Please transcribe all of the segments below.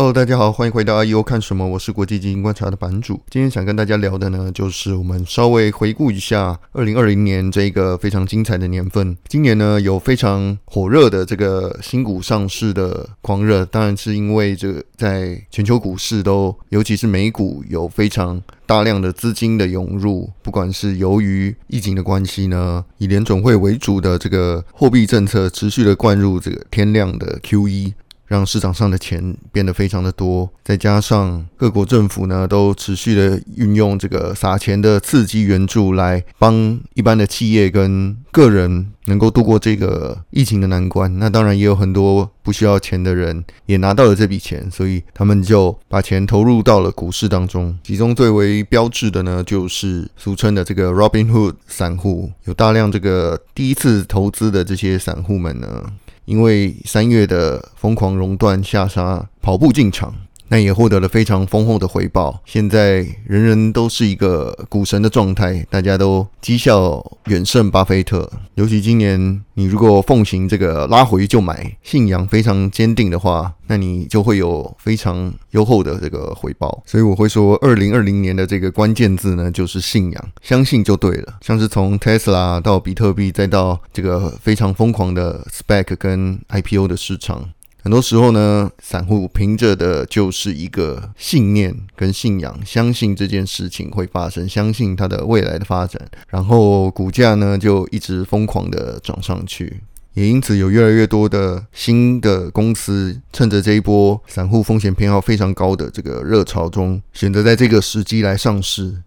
Hello，大家好，歡迎回到 IEO 看什麼，我是國際經濟觀察的版主。今天想跟大家聊的呢，就是我們稍微回顧一下二零二零年這個非常精彩的年份。今年呢，有非常火熱的這個新股上市的狂熱，當然是因為這個在全球股市都，尤其是美股有非常大量的資金的湧入。不管是由於疫情的關係呢，以聯準會為主的這個貨幣政策持續的灌入這個天量的 QE。讓市場上的錢變得非常的多，再加上各國政府呢，都持續的運用這個撒錢的刺激援助，來幫一般的企業跟個人能夠度過這個疫情的難關。那當然也有很多不需要錢的人也拿到了這筆錢，所以他們就把錢投入到了股市當中。其中最為標誌的呢，就是俗稱的這個 Robinhood 散戶，有大量這個第一次投資的這些散戶們呢，因為三月的瘋狂熔斷下殺，跑步進場。那也獲得了非常豐厚的回報。現在人人都是一個股神的狀態，大家都績效遠勝巴菲特。尤其今年，你如果奉行這個拉回就買，信仰非常堅定的話，那你就會有非常優厚的這個回報。所以我會說，二零二零年的這個關鍵字呢，就是信仰，相信就對了。像是從 Tesla 到比特幣，再到這個非常瘋狂的 SPAC 跟 IPO 的市場。很多時候呢，散戶憑着的就是一個信念跟信仰，相信這件事情會發生，相信它的未來的發展，然後股價呢就一直瘋狂的漲上去，也因此有越來越多的新的公司趁着這一波散戶風險偏好非常高的這個熱潮中，選擇在這個時機來上市。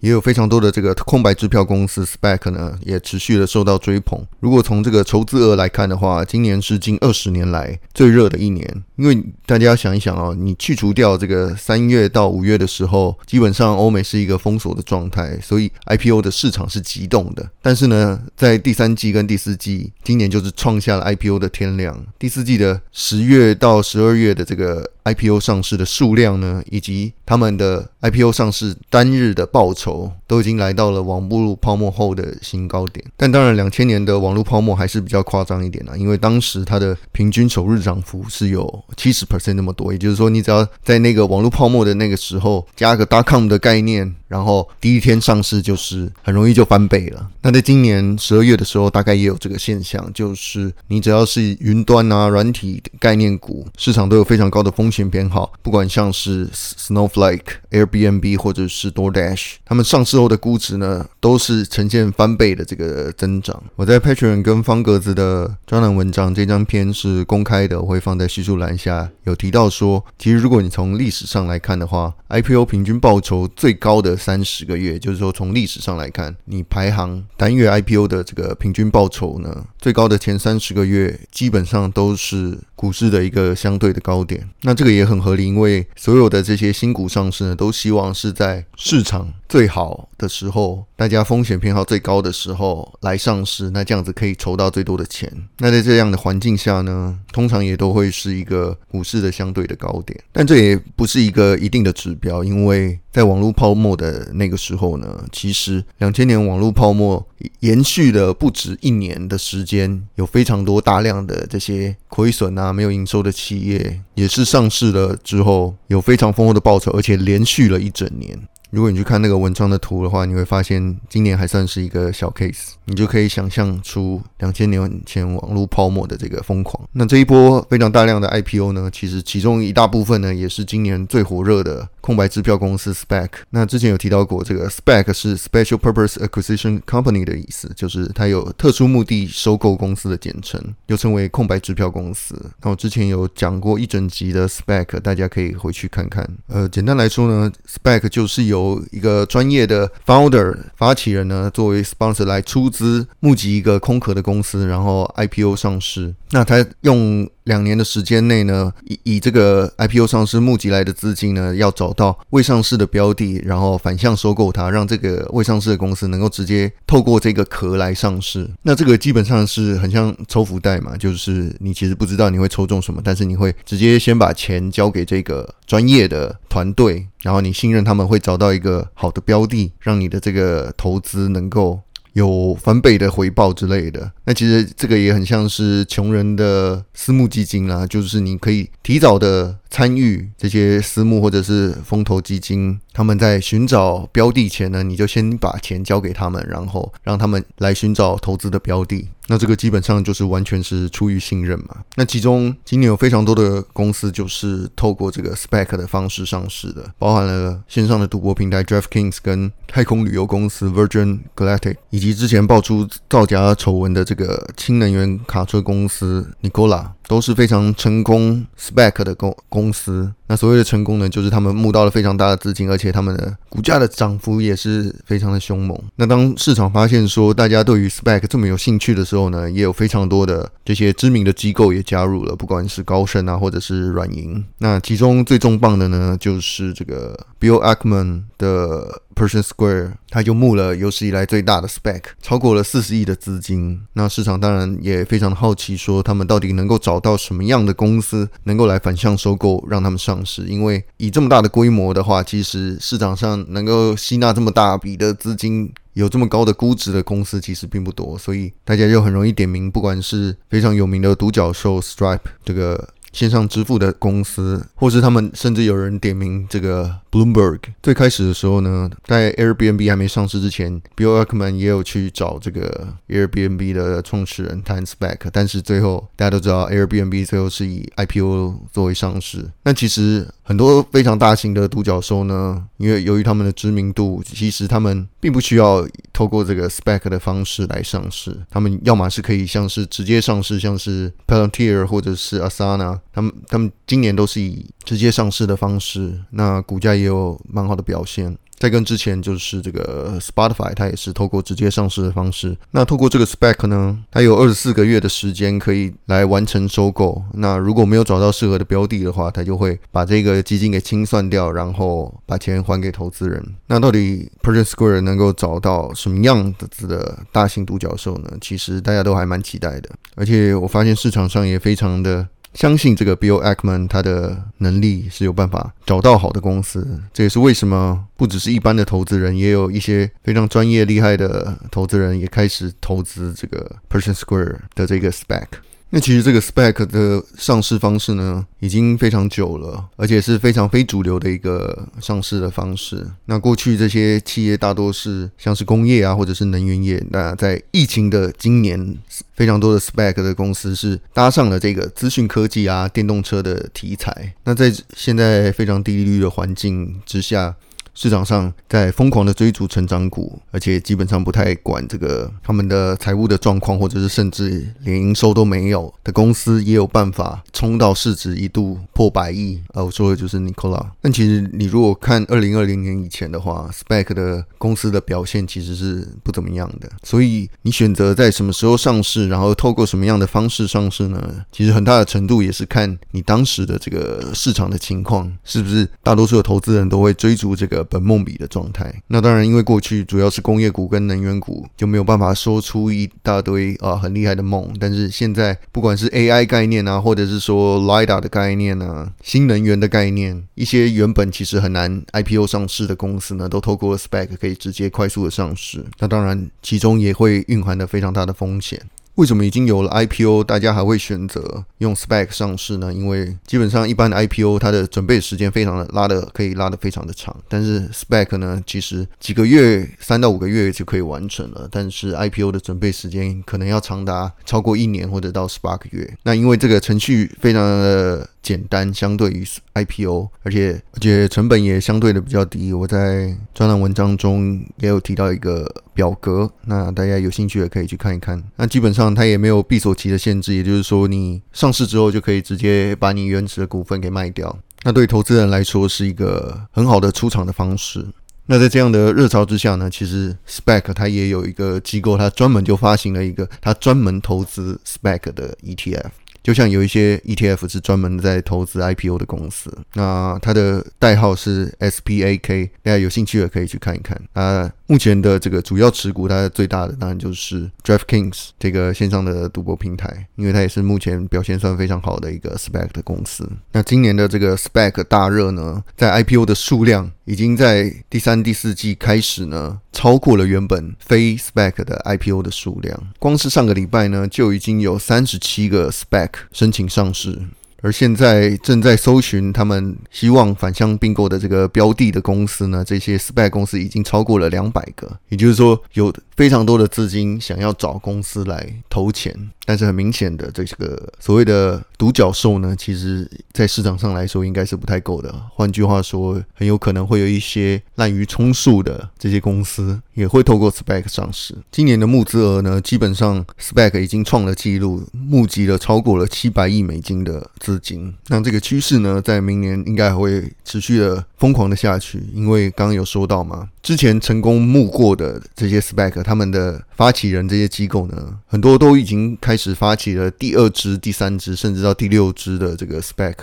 也有非常多的這個空白支票公司，SPAC 呢也持續的受到追捧。如果從這個籌資額來看的話，今年是近二十年來最熱的一年。因為大家想一想啊、哦，你去除掉這個三月到五月的時候，基本上歐美是一個封鎖的狀態，所以 IPO 的市場是急凍的。但是呢，在第三季跟第四季，今年就是創下了 IPO 的天量。第四季的十月到十二月的這個。IPO 上市的數量呢，以及他們的 IPO 上市單日的報酬，都已經來到了網路泡沫後的新高點。但當然，兩千年的網絡泡沫還是比較誇張一點啦，啊，因為當時它的平均首日漲幅是有七十 percent 那麼多。也就是說，你只要在那個網絡泡沫的那個時候加個 .com 的概念，然後第一天上市就是很容易就翻倍了。那在今年十二月的時候，大概也有這個現象，就是你只要是雲端啊，軟體概念股，市場都有非常高的風險新偏好，不管像是 Snowflake、Airbnb 或者是 DoorDash，他們上市後的估值呢，都是呈現翻倍的這個增長。我在 Patreon 跟方格子的專欄文章，這張片是公開的，我會放在敘述欄下有提到說，其實如果你從歷史上來看的話，IPO 平均報酬最高的三十個月，就是說從歷史上來看，你排行單月 IPO 的這個平均報酬呢，最高的前三十個月，基本上都是。股市的一個相對的高點，那這個也很合理，因為所有的這些新股上市呢，都希望是在市場最好的時候，大家風險偏好最高的時候來上市，那這樣子可以籌到最多的錢。那在這樣的環境下呢，通常也都會是一個股市的相對的高點。但這也不是一個一定的指標，因為在網絡泡沫的那個時候呢，其實2000年網絡泡沫延續了不止一年的時間，有非常多大量的這些虧損啊、沒有營收的企業，也是上市了之後有非常豐厚的報酬，而且連續了一整年。如果你去看那個文章的圖的話，你會發現今年還算是一個小 case，你就可以想象出兩千年前網絡泡沫的這個瘋狂。那這一波非常大量的 IPO 呢，其實其中一大部分呢，也是今年最火熱的。空白支票公司 SPAC，那之前有提到過，這個 SPAC 是 Special Purpose Acquisition Company 的意思，就是它有特殊目的收購公司的簡稱，又稱為空白支票公司。那我之前有講過一整集的 SPAC，大家可以回去看看。呃，簡單來說呢，SPAC 就是由一個專業的 Founder 發起人呢，作為 Sponsor 來出資募集一個空殼的公司，然後 IPO 上市。那他用兩年的時間內呢，以以這個 IPO 上市募集來的資金呢，要找到未上市的標的，然後反向收購它，讓這個未上市的公司能夠直接透過這個殼來上市。那這個基本上是很像抽福袋嘛，就是你其實不知道你會抽中什麼，但是你會直接先把錢交給這個專業的團隊，然後你信任他們會找到一個好的標的，讓你的這個投資能夠有翻倍的回報之類的，那其實這個也很像是窮人的私募基金啦、啊，就是你可以提早的參與這些私募或者是風投基金，他們在尋找標的前呢，你就先把錢交給他們，然後讓他們來尋找投資的標的。那這個基本上就是完全是出於信任嘛。那其中今年有非常多的公司就是透過這個 SPAC 的方式上市的，包含了線上的賭博平台 DraftKings 跟太空旅遊公司 Virgin Galactic，以及之前爆出造假醜聞的這個氫能源卡車公司 Nikola。都是非常成功 SPAC 的公公司。那所謂的成功呢，就是他們募到了非常大的資金，而且他們的股價的漲幅也是非常的凶猛。那當市場發現說大家對於 SPAC 這麼有興趣的時候呢，也有非常多的這些知名的機構也加入了，不管是高盛啊，或者是軟銀。那其中最重磅的呢，就是這個 Bill Ackman 的 Pershing Square。他就募了有史以來最大的 SPAC，超過了四十億的資金。那市場當然也非常好奇，說他們到底能夠找到什麼樣的公司能夠來反向收購，讓他們上市。因為以這麼大的規模的話，其實市場上能夠吸納這麼大筆的資金，有這麼高的估值的公司其實並不多。所以大家就很容易點名，不管是非常有名的獨角獸 Stripe 這個線上支付的公司，或是他們甚至有人點名這個。Bloomberg 最開始的時候呢，在 Airbnb 還沒上市之前，Bill Ackman 也有去找這個 Airbnb 的創始人談 SPAC，但是最後大家都知道 Airbnb 最後是以 IPO 作為上市。那其實很多非常大型的獨角獸呢，因為由於他們的知名度，其實他們並不需要透過這個 SPAC 的方式來上市。他們要麼是可以像是直接上市，像是 Palantir 或者是 Asana，他們他們今年都是以直接上市的方式，那股價也有蠻好的表現。再跟之前就是這個 Spotify，它也是透過直接上市的方式。那透過這個 SPAC 呢，它有二十四個月的時間可以來完成收購。那如果沒有找到適合的標的的話，它就會把這個基金給清算掉，然後把錢還給投資人。那到底 Pershing Square 能夠找到什麼樣子的大型獨角獸呢？其實大家都還蠻期待的，而且我發現市場上也非常的。相信這個 Bill Ackman 他的能力是有辦法找到好的公司，這也是為什麼不只是一般的投資人，也有一些非常專業厲害的投資人也開始投資這個 Pershing Square 的這個 SPAC。那其實這個 SPAC 的上市方式呢，已經非常久了，而且是非常非主流的一個上市的方式。那過去這些企業大多是像是工業啊，或者是能源業。那在疫情的今年，非常多的 SPAC 的公司是搭上了這個資訊科技啊、電動車的題材。那在現在非常低利率的環境之下，市場上在瘋狂的追逐成長股，而且基本上不太管這個他們的財務的狀況，或者是甚至連營收都沒有的公司，也有辦法衝到市值一度破百億。啊，我說的就是 Nikola。但其實你如果看二零二零年以前的話，SPAC 的公司的表現其實是不怎麼樣的。所以你選擇在什麼時候上市，然後透過什麼樣的方式上市呢？其實很大的程度也是看你當時的這個市場的情況，是不是大多數的投資人都會追逐這個本夢比的狀態，那當然，因為過去主要是工業股跟能源股就沒有辦法說出一大堆啊很厲害的夢。但是現在不管是 AI 概念啊，或者是說 LIDAR 的概念啊，新能源的概念，一些原本其實很難 IPO 上市的公司呢，都透過 SPAC 可以直接快速的上市。那當然，其中也會蘊含着非常大的風險。為什麼已經有了 IPO，大家還會選擇用 SPAC 上市呢？因為基本上一般的 IPO 它的準備時間非常的拉的，可以拉的非常的長。但是 SPAC 呢，其實幾個月，三到五個月就可以完成了。但是 IPO 的準備時間可能要長達超過一年，或者到十八個月。那因為這個程序非常的。簡單，相對於 IPO，而且而且成本也相對的比較低。我在專欄文章中也有提到一個表格，那大家有興趣的可以去看一看。那基本上它也沒有閉鎖期的限制，也就是說你上市之後就可以直接把你原始的股份給賣掉。那對投資人來說是一個很好的出場的方式。那在這樣的熱潮之下呢，其實 SPAC 它也有一個機構，它專門就發行了一個它專門投資 SPAC 的 ETF。就像有一些 ETF 是專門在投資 IPO 的公司，那它的代號是 SPAK，大家有興趣的可以去看一看啊。呃目前的這個主要持股，它的最大的當然就是 DraftKings 這個線上的賭博平台，因為它也是目前表現算非常好的一個 SPAC 的公司。那今年的這個 SPAC 大熱呢，在 IPO 的數量已經在第三、第四季開始呢，超過了原本非 SPAC 的 IPO 的數量。光是上個禮拜呢，就已經有三十七個 SPAC 申請上市。而現在正在搜尋他們希望反向併購的這個標的的公司呢，這些 SPAC 公司已經超過了兩百個，也就是說有非常多的資金想要找公司來投錢。但是很明顯的，這個所謂的獨角獸呢，其實在市場上來說應該是不太夠的。換句話說，很有可能會有一些濫竽充數的這些公司也會透過 SPAC 上市。今年的募資額呢，基本上 SPAC 已經創了紀錄，募集了超過了七百億美金的，資金，那這個趨勢呢，在明年應該還會持續的瘋狂的下去，因為剛剛有說到嘛，之前成功募過的這些 SPAC，他們的發起人這些機構呢，很多都已經開始發起了第二支、第三支，甚至到第六支的這個 SPAC。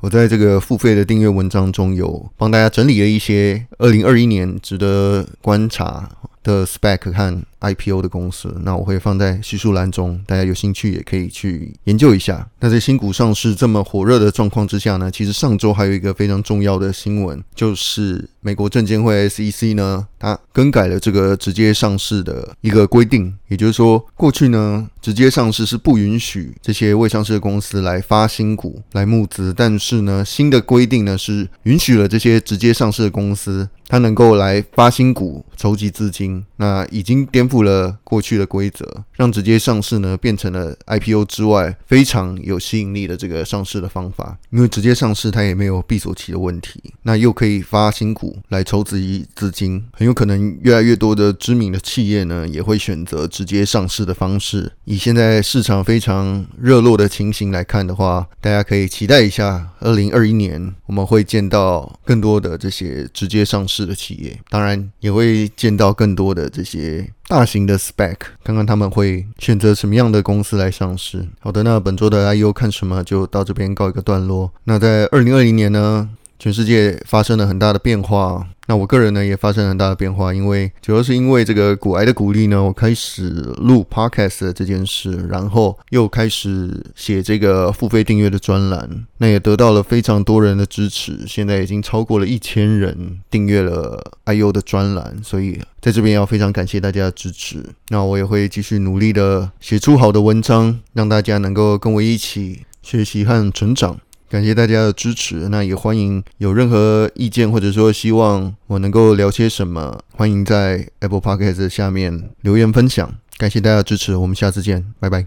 我在這個付費的訂閱文章中，有幫大家整理了一些2021年值得觀察的 SPAC 和 IPO 的公司，那我會放在敘述欄中，大家有興趣也可以去研究一下。那在新股上市這麼火熱的狀況之下呢，其實上周還有一個非常重要的新聞，就是美國證監會 SEC 呢，它更改了這個直接上市的一個規定，也就是說，過去呢，直接上市是不允許這些未上市的公司來發新股來募資，但是呢，新的規定呢是允許了這些直接上市的公司，它能夠來發新股籌集資金。那已經顛。付了過去的規則，讓直接上市呢變成了 IPO 之外非常有吸引力的這個上市的方法，因為直接上市它也沒有閉鎖期的問題，那又可以發新股來籌集資金，很有可能越來越多的知名的企業呢也會選擇直接上市的方式。以現在市場非常熱絡的情形來看的話，大家可以期待一下，二零二一年我們會見到更多的這些直接上市的企業，當然也會見到更多的這些。大型的 SPAC，看看他們會選擇什麼樣的公司來上市。好的，那本周的 IEO 看什麼就到這邊告一個段落。那在二零二零年呢，全世界發生了很大的變化，那我個人呢也發生了很大的變化，因為主要是因為這個古癌的鼓勵呢，我開始錄 podcast 的這件事，然後又開始寫這個付費訂閱的專欄，那也得到了非常多人的支持，現在已經超過了一千人訂閱了 IEO 的專欄，所以在這邊要非常感謝大家的支持。那我也會繼續努力的寫出好的文章，讓大家能夠跟我一起學習和成長。感謝大家的支持，那也歡迎有任何意見或者說希望我能夠聊些什麼，歡迎在 Apple Podcast 下面留言分享。感謝大家的支持，我們下次見，拜拜。